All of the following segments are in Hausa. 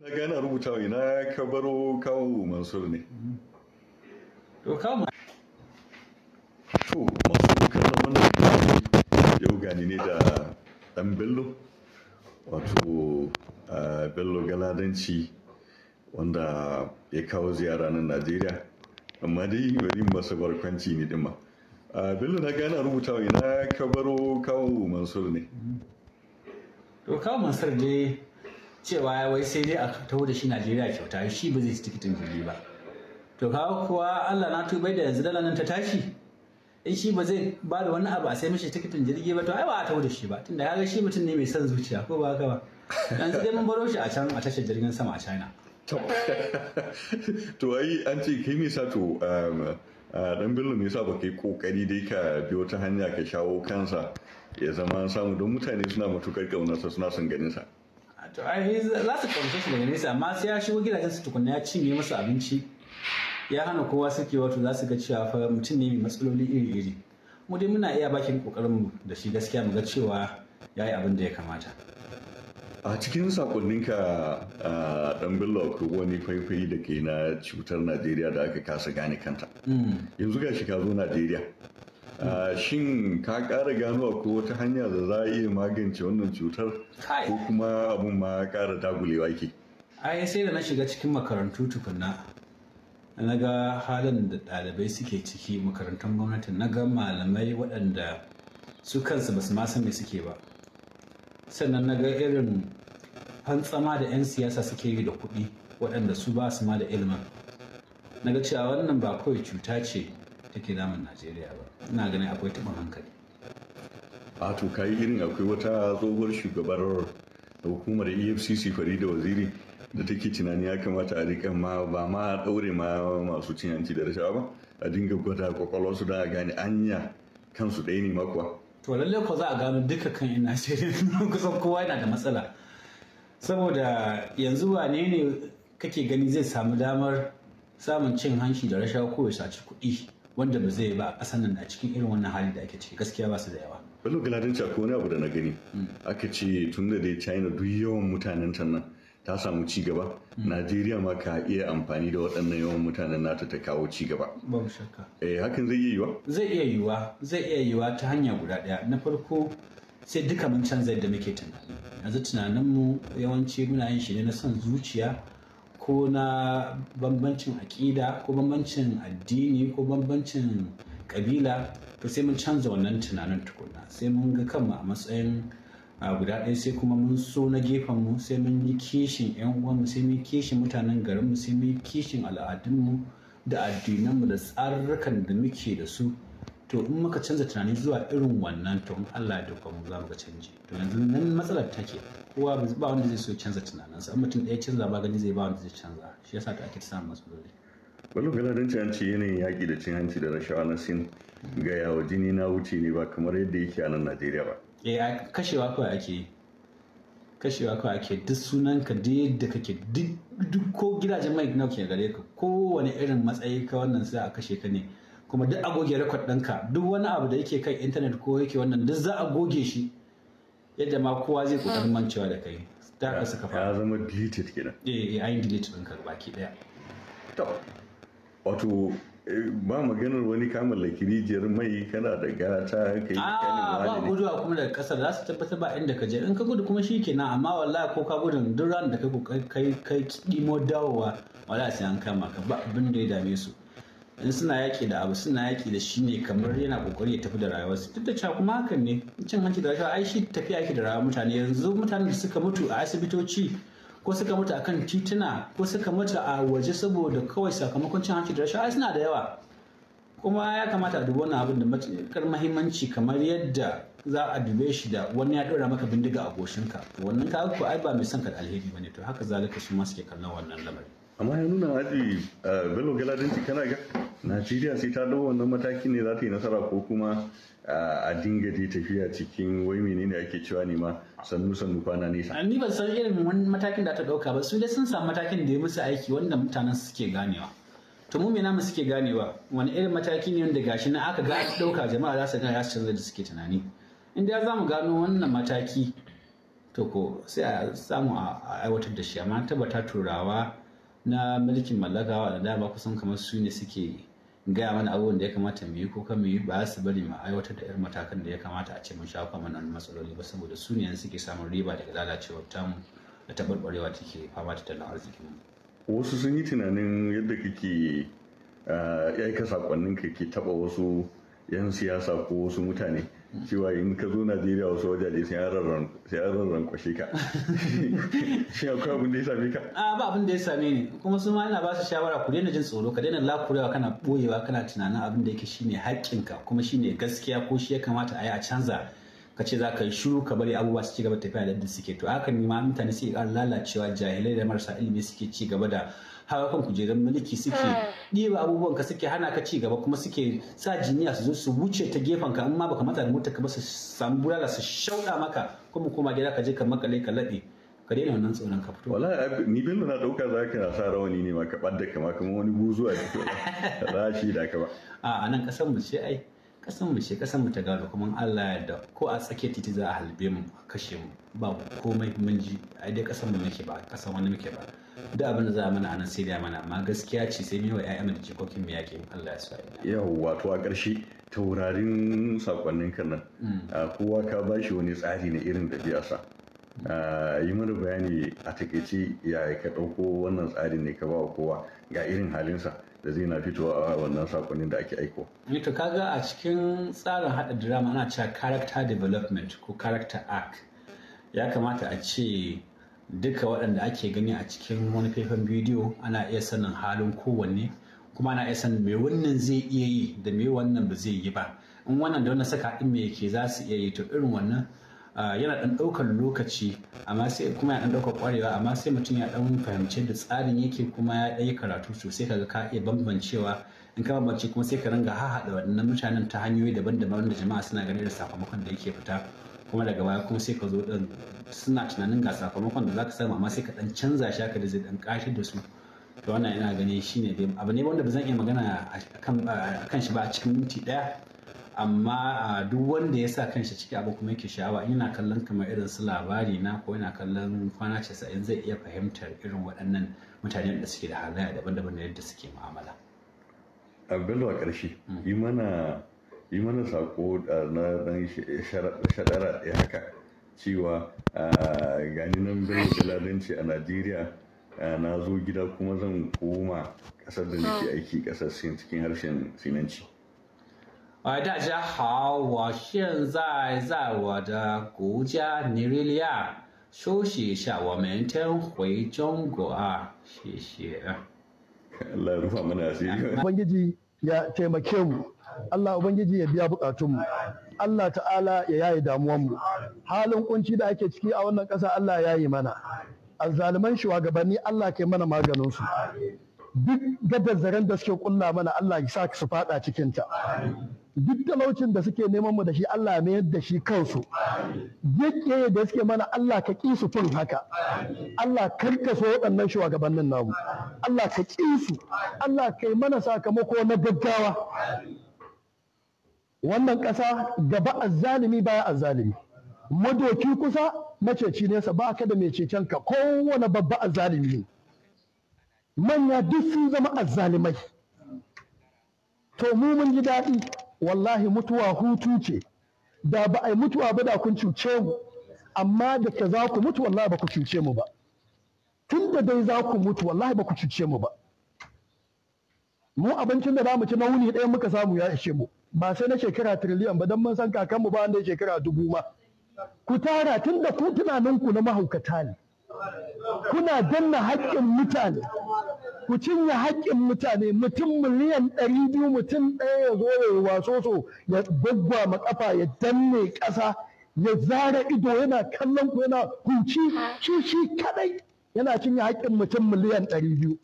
na gana rubuta ina ka baro kawo mansur ne to kama to masu kallon wannan yau gani ne da ɗan bello wato bello galadanci wanda ya kawo ziyara nan najeriya amma dai bari masu barkwanci ne dima bello na gana rubuta ina ka baro kawo mansur ne to kawo mansur ne cewa wai sai dai a taho da shi najeriya kyauta shi ba zai ci tikitin jirgi ba to kawo kuwa allah na tubai da yanzu dala nan ta tashi in shi ba zai ba da wani abu a sai mishi tikitin jirgi ba to ai ba a taho da shi ba tunda ga shi mutum ne mai son zuciya ko ba haka ba yanzu dai mun baro shi a can a tashar jirgin sama a china to ai an ce kai mai sa to um, uh, dan bello me yasa baka yi kokari dai ka bi wata hanya ka shawo kansa ya zama samu don mutane suna matukar kaunarsa suna son ganin sa to ai za su daga nesa amma sai ya shigo gidajen su tukunna ya cinye musu abinci ya hana kowa suke wato za su ga cewa fa mutum ne mai matsaloli iri-iri mu dai muna iya bakin kokarin mu da shi gaskiya mu ga cewa ya yi abin da ya kamata a cikin sakonninka a dan bello ko wani faifayi da ke na cutar najeriya da aka kasa gane kanta hmm. yanzu ga shi ka zo najeriya shin ka kara ganowa ko wata hanya da za a iya magance wannan cutar ko kuma abun ma kara dagulewa ke ai sai da na shiga cikin makarantu tukunna na ga halin da ɗalibai suke ciki makarantun gwamnati na ga malamai waɗanda su kansu ba su ma san me suke ba sannan na ga irin hantsama da 'yan siyasa suke yi da kuɗi waɗanda su ba su ma da ilimin na ga cewa wannan ba kawai cuta ce take damun najeriya ba ina ganin akwai taɓin hankali a ka yi irin akwai wata tsohuwar shugabar hukumar efcc farida waziri da take tunani ya kamata a rika ma ba ma daure ma masu cin hanci da rashawa ba a dinga gwada su da a gane anya kansu ɗaya ne makuwa to lallai ko za a gano duka kan yan najeriya kusan kowa yana da matsala saboda yanzu wane ne kake gani zai samu damar samun cin hanci da rashawa ko ya saci kuɗi wanda ba zai ba a ƙasar nan a cikin irin wannan hali da ake ciki gaskiya ba su da yawa. Bello Galadinci ko wani abu da na gani hmm. aka ce tun da dai China duk yawan mutanen ta nan ta samu ci gaba hmm. Najeriya ma ka iya amfani da waɗannan yawan mutanen nata ta kawo ci gaba. mu shakka. Eh hakan zai iya yiwa? Zai iya yiwa zai iya yiwa ta hanya guda ɗaya na farko sai duka mun canza yadda muke tunani yanzu tunaninmu yawanci muna yin shi ne na son zuciya ko na bambancin aƙida ko bambancin addini ko bambancin ƙabila to sai mun canza wannan tunanin tukuna sai mun ga kanmu a matsayin guda ɗaya sai kuma mun so na gefen mu sai mun yi kishin 'yan uwanmu sai mun yi kishin mutanen garinmu sai mun yi kishin al'adunmu da addinanmu da tsarrukan da muke da su to in muka canza tunani zuwa irin wannan to in Allah da kuma za mu ga canji to yanzu nan matsalar take kowa ba wanda zai so canza tunaninsa in mutum ɗaya canza ba gani zai ba wanda zai canza shi yasa ta ake ta samun matsaloli ga ladan an ce yanayin yaƙi da cin hanci da rashawa na Sin ga yawa jini na wuce ne ba kamar yadda yake a nan Najeriya ba. Eh kashewa kawai ake Kashewa kawai ake duk sunan ka da yadda kake duk ko gidajen mai nawa ke gare ka kowane irin matsayi ka wannan sai a kashe ka ne kuma duk agoge goge rekod ɗinka duk wani abu da yake kan intanet ko yake wannan duk za a goge shi yadda ma kowa zai kuɗin mancewa da kai ta ka suka fara ya zama deleted kenan eh eh ai deleted ɗinka baki ɗaya to wato ba maganar wani kamar rijiyar mai kana da gata ka yi kanin ba gudu a kuma daga kasar za su tabbatar ba inda ka je in ka gudu kuma shi kenan amma wallahi ko ka gudun duk ran da kai kai kai kimo dawowa wallahi sai an kama ka ba abin da ya dame su in suna yaƙi da abu suna yaƙi da shi ne kamar yana kokari ya tafi da rayuwarsu duk da cewa kuma hakan ne cin hanci da rashawa ai shi tafiya yake da rayuwar mutane yanzu mutanen da suka mutu a asibitoci ko suka mutu akan tituna ko suka mutu a waje saboda kawai sakamakon cin hanci da rashawa ai suna da yawa kuma ya kamata a dubi wannan abin da matuƙar mahimmanci kamar yadda za a dube shi da wani ya ɗora maka bindiga a goshinka ka. wannan ka ai ba mai son ka da alheri bane to haka zalika su ma suke kallon wannan lamarin amma ya nuna haji bello galadinci kana ga najeriya sai ta dau wannan mataki ne za ta yi nasara ko kuma a dinga dai tafiya cikin wai menene ake cewa ne ma sannu sannu kwana nesa ni ban san irin wani matakin da ta dauka ba su dai sun samu matakin da ya musu aiki wanda mutanen suke ganewa to mu me namu suke ganewa wani irin mataki ne wanda gashi na aka ga dauka jama'a za su ga ya canza da suke tunani in dai za mu gano wannan mataki to ko sai a samu a aiwatar da shi amma tabbata turawa na mulkin mallaka wa da dama kusan kamar su ne suke gaya mana abubuwan da ya kamata mu yi ko kan mu yi ba su bari mu aiwatar da irin matakan da ya kamata a ce mun shafa mana matsaloli ba saboda su ne suke samun riba daga lalacewar tamu da taɓarɓarewa take fama da tattalin arzikin mu. Wasu sun yi tunanin yadda kake eh, aika sakonnin ka ke taɓa wasu 'yan siyasa ko wasu mutane cewa in ka zo najeriya wasu wajaje sai an rarran kwashe ka shi akwai abin da ya same ka a ba abin da ya same ni kuma su ma ina ba su shawara ku daina jin tsoro ka daina lakurewa kana boyewa kana tunanin abin da yake shine haƙƙinka kuma shine gaskiya ko shi ya kamata a yi a canza ka ce za ka yi shiru ka bari abubuwa su ci gaba tafiya da suke to haka ne ma mutane suke ƙara lalacewa jahilai da marasa ilimi suke ci gaba da hawa kan kujerar mulki suke eh. ɗiba abubuwan ka suke hana ka ci gaba kuma suke sa jiniya su zo su wuce ta gefen ka amma baka mata da mota ka ba su samu bulala su shauɗa maka kuma koma gida ka je ka makale ka laɓe ka daina wannan tsoron ka fito. Wala ni bin na ɗauka za ka sa rawani ne ma ka ɓadda kama kuma wani buzuwa da rashi da ka ba. A nan ƙasar mu ce ai. kasan mu ce kasan mu ta gado kuma Allah ya da ko a tsake titi za a halbe mu a kashe mu ba komai mun ji ai dai kasan mu muke ba kasan wani muke ba duk abin da za a mana anan sai da mana amma gaskiya ce sai mai wa ƴaƴan da jikokin mu yake Allah ya sa yawwa to a ƙarshe taurarin sakonnin kan nan mm. kowa ka bashi wani tsari na irin da ɗabi'arsa yi mana bayani a takaice ya ka ɗauko wannan tsarin ne ka ba kowa ga irin halinsa da zai na fitowa a wannan sakonnin da ake aiko. to kaga a cikin tsarin haɗa drama ana cewa character development ko character arc ya kamata a ce duka waɗanda ake gani a cikin wani faifan bidiyo ana iya sanin halin kowanne kuma ana iya sanin me wannan zai iya yi da me wannan ba zai yi ba in wannan da wannan saka ɗin me ke za su iya yi to irin wannan yana ɗan ɗaukar lokaci amma sai kuma yana ɗan ɗaukar ƙwarewa amma sai mutum ya ɗan fahimci da tsarin yake kuma ya ɗaya yi karatu sosai kaga ka iya bambancewa in ka bambance kuma sai ka ranga hahaɗa waɗannan mutanen ta hanyoyi daban-daban da jama'a suna ganin da sakamakon da yake fita kuma daga baya kuma sai ka zo ɗan suna tunanin ga sakamakon da za ka samu amma sai ka ɗan canza shi haka da zai ɗan da su to wannan yana ganin shine abu ne wanda ba zan iya magana a kan shi ba a cikin minti ɗaya amma duk wanda ya sa kanshi ciki abu kuma yake sha'awa yana kallon kamar irin su labari na ko yana kallon kwana casa'in zai iya fahimtar irin waɗannan mutanen da suke da halayya daban-daban da yadda suke mu'amala. abdullu a ƙarshe hmm. yi mana yi mana sako na ɗan shaɗara ya haka cewa gani nan da ladanci a najeriya na zo gida kuma zan koma ƙasar da nake oh. aiki ƙasar cikin harshen sinanci 哎，大家好，我现在在我的国家尼日利亚休息一下，我明天回中国啊，谢谢。Allah ya rufa mana asiri. Ubangiji ya taimake mu, Allah Ubangiji ya biya bukatunmu, Allah ta'ala ya yayi damuwanmu. Halin kunci da ake ciki a wannan ƙasa Allah ya yi mana. Azzaluman shugabanni Allah kai mana maganinsu. Duk gadazzaren zaren da suke kulla mana Allah ya sa su faɗa cikinta. duk talaucin da suke neman mu da shi Allah ya mayar da shi kansu yake da suke mana Allah ka ƙi su fin haka Allah karka so waɗannan shugabannin namu Allah ka ƙi su Allah kai mana sakamako na gaggawa wannan ƙasa gaba azzalimi baya azzalimi madoki kusa maceci nesa ba ka da mai cecen ka kowane babba azzalimi manya duk sun zama azzalimai to mu mun ji daɗi wallahi mutuwa hutu ce da ba a yi mutuwa ba da kun cuce mu amma da ke za ku mutu wallahi ba ku cuce mu ba tun da dai za ku mutu wallahi ba ku cuce mu ba mu abincin da za mu ci na wuni ɗaya muka samu ya ishe mu ba sai na shekara triliyan ba don mun san kakanmu ba wanda shekara dubu ma ku tara tun da ku tunaninku na mahaukata ne kuna danna haƙƙin mutane ku cinye haƙƙin mutane mutum miliyan ɗari biyu mutum ɗaya ya zo ya yi waso so ya gwaggwa ma ƙafa ya danne ƙasa ya zara ido yana kallon ku yana huci shi shi kadai yana cinye haƙƙin mutum miliyan ɗari biyu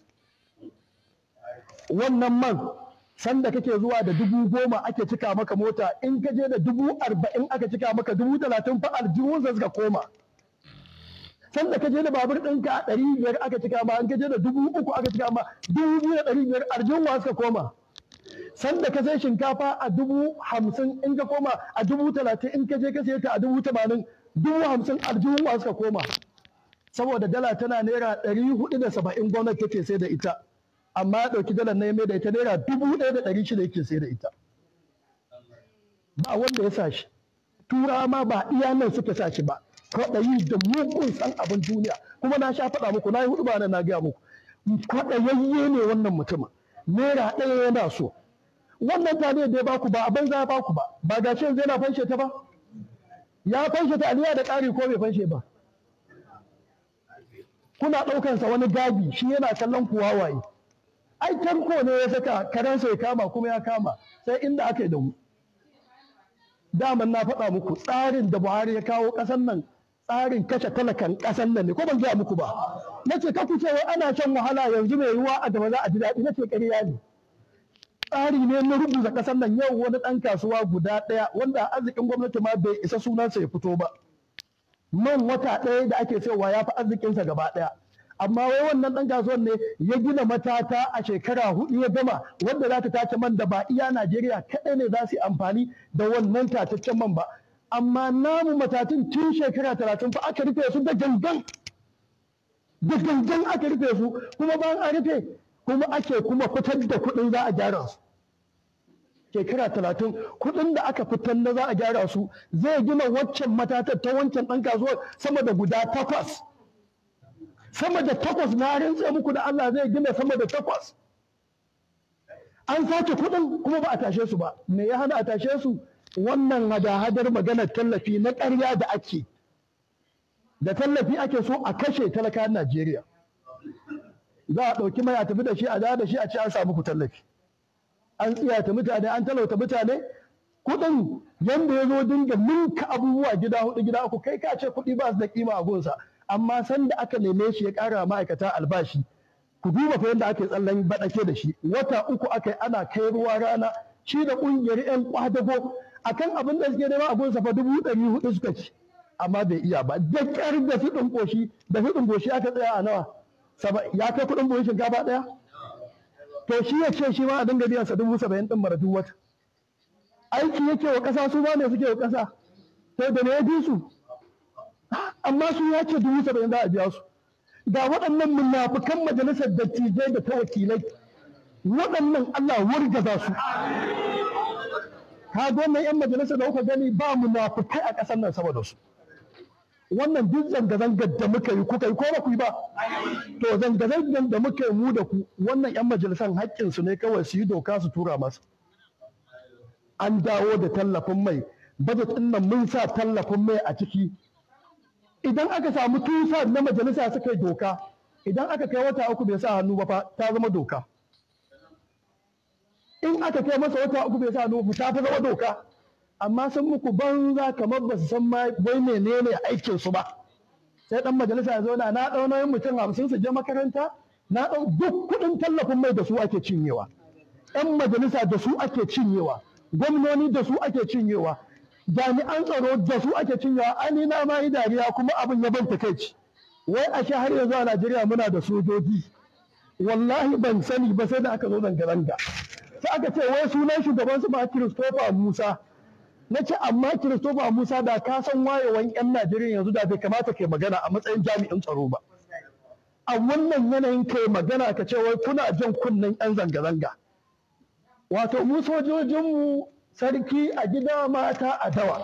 wannan man sanda kake zuwa da dubu goma ake cika maka mota in ka je da dubu arba'in aka cika maka dubu talatin fa aljihunsa suka koma can da je da babur ɗinka a ɗari biyar aka cika ma an ka je da dubu uku aka cika ma dubu biyu da ɗari biyar arjinwa suka koma sanda ka sai shinkafa a dubu hamsin in ka koma a dubu talatin in ka je ka siya ta a dubu tamanin dubu hamsin arjinwa suka koma saboda dala tana naira ɗari hudu da saba'in gwamnati take sai da ita amma ya ɗauki dalar na mai da ita naira dubu ɗaya da ɗari shida yake sai da ita ba wanda ya sa shi turawa ma ba iya nan suka sa shi ba kwaɗayi da mugun san abin duniya kuma na sha faɗa muku na yi hudu ba na gaya muku kwaɗayayye ne wannan mutumin naira ɗaya yana so wannan taliyar da ya baku ba a banza ya baku ba ba ga shi zai na fanshe ta ba ya fanshe ta aliya da ƙari ko bai fanshe ba kuna ɗaukansa wani gadi shi yana kallon kuwa waye. ai ne ya saka karensa ya kama kuma ya kama sai inda aka yi da mu daman na faɗa muku tsarin da buhari ya kawo ƙasar nan tsarin kashe talakan ƙasan nan ne ko ban zuwa muku ba na ce kaku ce ana shan wahala yanzu mai yiwuwa a gaba za a ji daɗi na ce ƙarya ne tsari ne na rubuta ƙasar nan yau wani ɗan kasuwa guda ɗaya wanda arzikin gwamnati ma bai isa sunansa ya fito ba man wata ɗaya da ake cewa ya fi arzikinsa gaba ɗaya amma wai wannan ɗan kasuwan ne ya gina matata a shekara hudu ya gama wanda za ta tace man da ba iya Najeriya kaɗai ne za su yi amfani da wannan tataccen man ba amma namu matatun tun shekara talatin fa aka rufe su da gangan da gangan aka rufe su kuma ba a rufe kuma ake kuma fitar da kuɗin za a gyara su shekara talatin kuɗin da aka fitar na za a gyara su zai gina waccan matatar ta wancan ɗan kasuwar sama da guda takwas sama da takwas na rantse muku da Allah zai gina sama da takwas an sace kuɗin kuma ba a tashe su ba me ya hana a tashe su wannan hadahadar hadar maganar tallafi na ƙarya da ake da tallafi ake so a kashe talakan Najeriya za a ɗauki mai a tafi da shi a da shi a ce an samu ku tallafi an tsiyata mutane an talauta mutane kuɗin yanda ya zo dinga ninka abubuwa gida hudu gida uku kai ka ce kuɗi ba su da kima a gonsa amma sanda aka neme shi ya ƙara ma'aikata albashi ku duba fa yadda ake tsallan baɗake da shi wata uku aka ana kai ruwa rana shi da ƙungiyar 'yan kwadago akan abin da suke nema a gunsa fa dubu ɗari hudu suka ci amma bai iya ba da ƙyar da fi ƙoshi da fi ƙoshi aka tsaya a nawa ya kai kuɗin buhun shinkafa ɗaya to shi ya ce shi ma a dinga biyan sa dubu saba'in ɗin mara duk wata aiki yake wa ƙasa su ba ne suke wa ƙasa sai da ne ya bi su amma su ya ce dubu saba'in za a biya su ga waɗannan munafukan majalisar dattijai da ta wakilai waɗannan Allah wurgaza su ka wannan yan majalisa da kuka gani ba munafukai a ƙasar nan saboda su wannan duk zanga-zangar da muka yi kuka yi ko ba ku yi ba to zanga-zangar da muka yi mu da ku wannan yan majalisan haƙƙin su ne kawai su yi doka su tura masa an dawo da tallafin mai budget ɗin nan mun sa tallafin mai a ciki idan aka samu tusa na majalisa suka yi doka idan aka kai wata uku bai sa hannu ba fa ta zama doka in aka kai masa wata uku bai sa nufu ta fi zama doka amma sun muku banza kamar ba su san ma wai menene aikin su ba sai dan majalisa ya zauna na dau nayin mutum hamsin su je makaranta na dau duk kudin tallafin mai da su ake cinyewa yan majalisa da su ake cinyewa gwamnoni da su ake cinyewa jami'an tsaro da su ake cinyewa ani na ma dariya kuma abin ya banta kai ci wai a har yanzu a Najeriya muna da sojoji wallahi ban sani ba sai da aka zo zanga-zanga sai aka ce wai sunan shugaban su ba Christopher Musa na ce amma Christopher Musa da ka san wayewan 'yan Najeriya yanzu da bai kamata kai magana a matsayin jami'in tsaro ba a wannan yanayin kai magana ka ce wai kuna jin kunnen 'yan zanga-zanga wato mu sojojinmu sarki a gida mata a dawa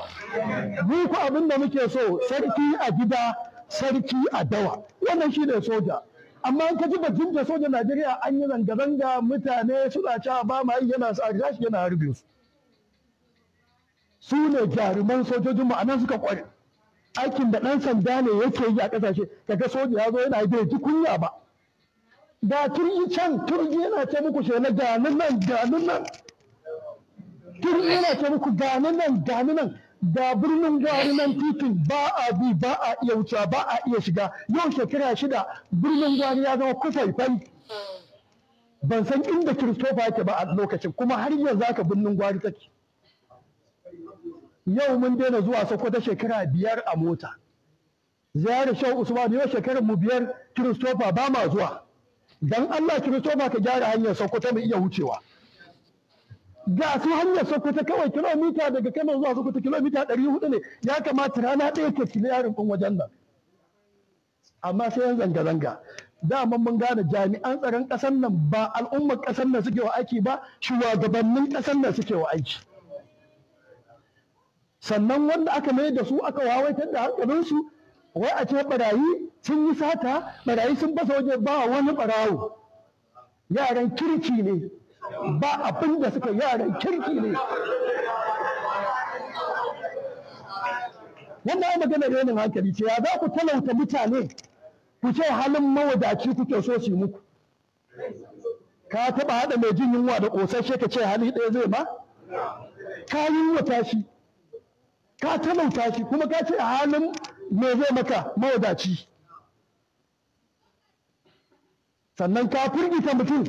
mu ku abin da muke so sarki a gida sarki a dawa wannan shi ne soja amma an kaji batun da sojan Najeriya an yi zanga-zanga mutane suna cewa ba ma yi yana sa tashi yana harbe su su ne jaruman sojojin mu suka kware aikin da ɗan sanda ne yake yi a ƙasashe kaga soja ya zo yana bai ji kunya ba da turji can turji yana ce muku shela ganin nan ganin nan turji yana ce muku ganin nan ganin nan da birnin gwari nan titin ba a bi ba a iya wuce, ba a iya shiga yau shekara shida birnin gari ya zama kufaifai ban san inda kiristofa yake ba a lokacin kuma har yanzu haka birnin gwari take yau mun daina zuwa sokoto shekara biyar a mota ziyarar shan usman yau shekarar mu biyar kiristofa ba ma zuwa dan allah kiristofa ka gyara hanyar sokoto mu iya wucewa ga su hanyar sokoto kawai kilomita daga kano zuwa sokoto kilomita ɗari hudu ne ya kamata rana ɗaya ke cire yarin ɗin wajen nan amma sai yan zanga-zanga dama mun gane jami'an tsaron ƙasar nan ba al'ummar ƙasar nan suke wa aiki ba shugabannin ƙasar nan suke wa aiki sannan wanda aka mai da su aka wawaitar da hankalinsu wai a ce barayi sun yi sata barayi sun basa waje ba wani barawo yaran kirki ne ba abin da suka yaran kirki ne wannan ya magana renin hankali ce ya za ku talauta mutane ku ce halin mawadaci kuke so su muku ka taba haɗa mai jin yunwa da ƙosashe ka ce hali ɗaya zai ma ka yunwata shi ka talauta shi kuma ka ce halin me zai maka mawadaci sannan ka firgita mutum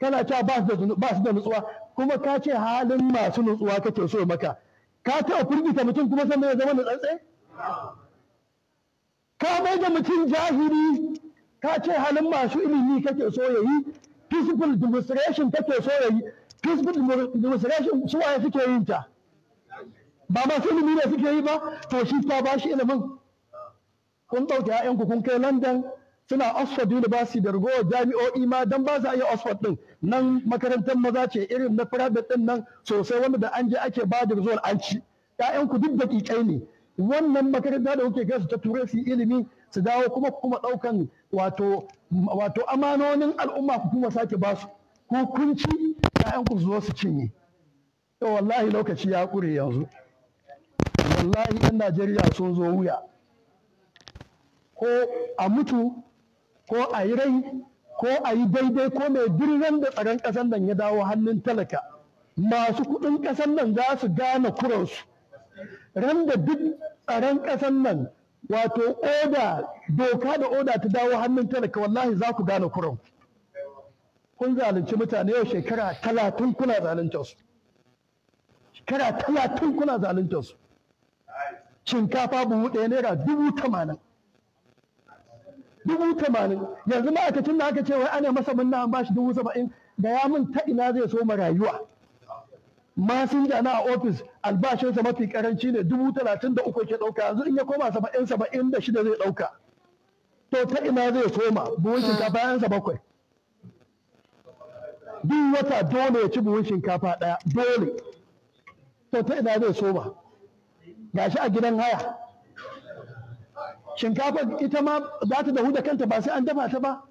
kana cewa ba su da nutsuwa kuma ka ce halin masu nutsuwa kake so maka ka taɓa kurgita mutum kuma san ya zama nutsatse ka mai da mutum jahili ka ce halin masu ilimi kake so ya yi peaceful demonstration kake so ya yi peaceful demonstration su waye suke yin ta ba masu ilimi ne suke yi ba to shi ta ba shi ilimin kun ɗauke ‘ya'yanku kun kai London suna Oxford University da ragowar jami'o'i ma don ba za a iya Oxford ɗin nan makarantar maza ce irin na private din nan sosai wanda da an je ake ba da result an ci ƴaƴan ku duk daƙiƙai ne wannan makaranta da kuke gaisu ta turai su ilimi su dawo kuma kuma ɗaukan wato amanonin al'umma ku kuma sake ba su ya'yanku kun su cinye to wallahi lokaci ya ƙure yanzu wallahi 'yan Najeriya sun zo wuya ko a mutu ko a yi rai ko a yi daidai ko mai birnin da tsaron ƙasar nan ya dawo hannun talaka masu kuɗin ƙasar nan za su gane kuransu ran da duk tsaron ƙasar nan wato oda doka da oda ta dawo hannun talaka wallahi za ku gane kuranku kun zalunci mutane yau shekara talatin kuna zalunta su shekara talatin kuna zalunta su shinkafa buhu ɗaya naira dubu tamanin dubu tamanin yanzu ma'aikacin da aka ce wai ana masa munna an bashi dubu saba'in da ya min ta ina zai so rayuwa masinja na a ofis albashinsa mafi karanci ne dubu talatin da uku ke ɗauka yanzu in ya koma saba'in saba'in da shida zai ɗauka to ta ina zai soma buhun shinkafa sa bakwai duk wata dole ya ci buhun shinkafa ɗaya dole to ta ina zai soma gashi a gidan haya Shinkafar ita ma za ta dahu da kanta ba sai an dafa ta ba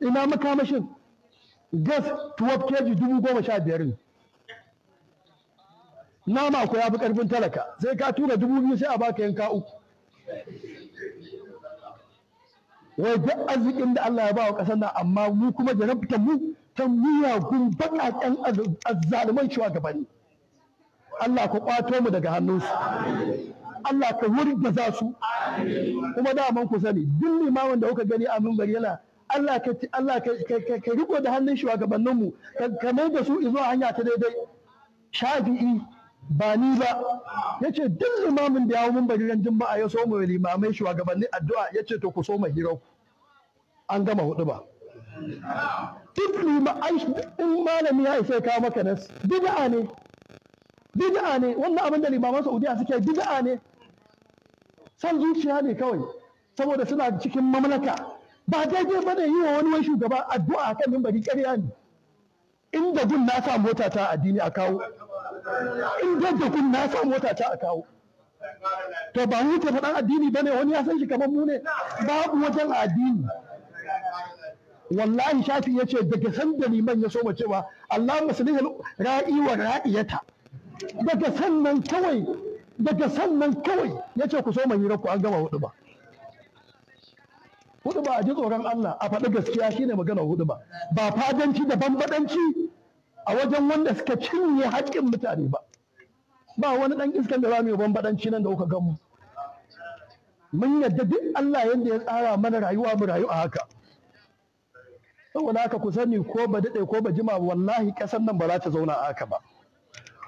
ina makamashin gas 12 keji dubu goma sha biyar ne nama ko ya fi karfin talaka sai ka tura dubu biyu sai a baka yanka uku wai duk arzikin da Allah ya ba wa ƙasar nan amma mu kuma jarabtar mu ta miyagun baƙaƙen azzaluman shugabanni Allah ku kwato mu daga hannunsu Allah ka wurgaza su kuma daman ku sani duk limamin da kuka gani a mimbar yana Allah ka Allah ka Ka riko da hannun shugabannin mu ka mai da su zuwa hanya ta daidai shafi'i ba ni ba yace duk limamin da ya mun bari ran juma'a ya so mu limamai shugabanni addu'a yace to ku so mu ku. an gama hudu ba duk lima in malami ya isa kawo maka nas bid'a ne bid'a ne wannan abin da limaman Saudiya suke bid'a ne san zuciya ne kawai saboda suna cikin mamlaka ba daidai ba ne yi wa wani wani shugaba addu'a kan mimbari ƙarya ne inda gun na sa mota ta addini a kawo inda da gun na sa mota ta a kawo to ba mu ta faɗan addini ba ne wani ya san shi kamar mu ne babu wajen addini wallahi shafi ya ce daga sanda liman ya soma cewa Allah musulun ra'i wa ra'iyata daga sannan kawai daga sannan kawai ya ce ku so yi ku an gama hudu ba hudu ba a ji tsoron Allah a faɗi gaskiya shine magana hudu ba ba fadanci da banbaɗanci a wajen wanda suka cinye haƙƙin mutane ba ba wani ɗan iskan da za mu yi nan da kuka gamu mun yadda duk Allah yadda ya tsara mana rayuwa mu rayu a haka saboda haka ku sani ko ba daɗe ko ba jima wallahi ƙasar nan ba za ta zauna a haka ba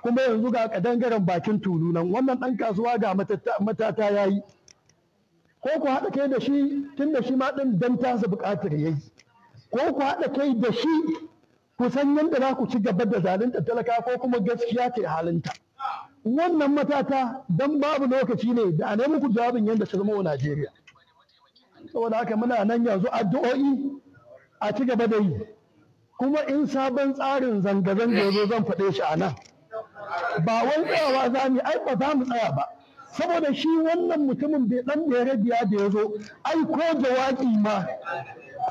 kuma yanzu ga kadangaren bakin tulu nan wannan dan kasuwa ga matata ya yi ko ku haɗa kai da shi tun da shi ma ɗin dan tasa buƙatar ya yi ko ku haɗa kai da shi ku san yadda za ku ci gaba da zalunta talaka ko kuma gaskiya ce halinta wannan matata dan babu lokaci ne da a nemi muku jawabin yadda ta zama wa Najeriya saboda haka muna nan yanzu addu'o'i a ci gaba da yi kuma in sabon tsarin zanga-zanga zo zan faɗe shi a nan ba wani tsayawa za mu ai ba za mu tsaya ba saboda shi wannan mutumin bai dan bere biya da ya zo ai ko jawabi ma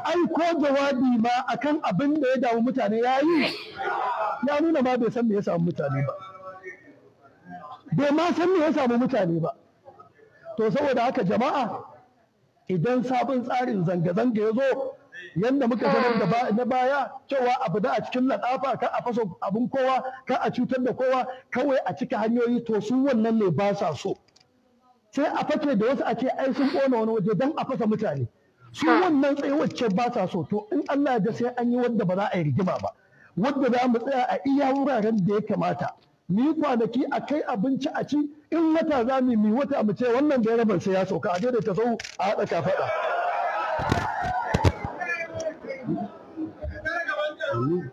ai ko jawabi ma akan abin da ya damu mutane ya yi ya nuna ma bai san me ya samu mutane ba bai ma san me ya samu mutane ba to saboda haka jama'a idan sabon tsarin zanga-zanga ya zo yanda muka sanar ah. na baya cewa abu da a cikin laɗafa ka a faso abin kowa ka a cutar da kowa kawai a cika hanyoyi to su wannan ne ba sa so sai a fake da wasu a ce ai sun ƙona wani waje don a fasa mutane su ah. wannan tsayuwar ce ba sa so to in Allah da sai an yi wanda ba za a yi rigima ba wanda za mu tsaya a iya wuraren da ya kamata ni kwanaki a kai abinci a ci in wata za mu yi wata mu ce wannan da ya rabar sai ya sauka a ta sau a haɗa faɗa. Lu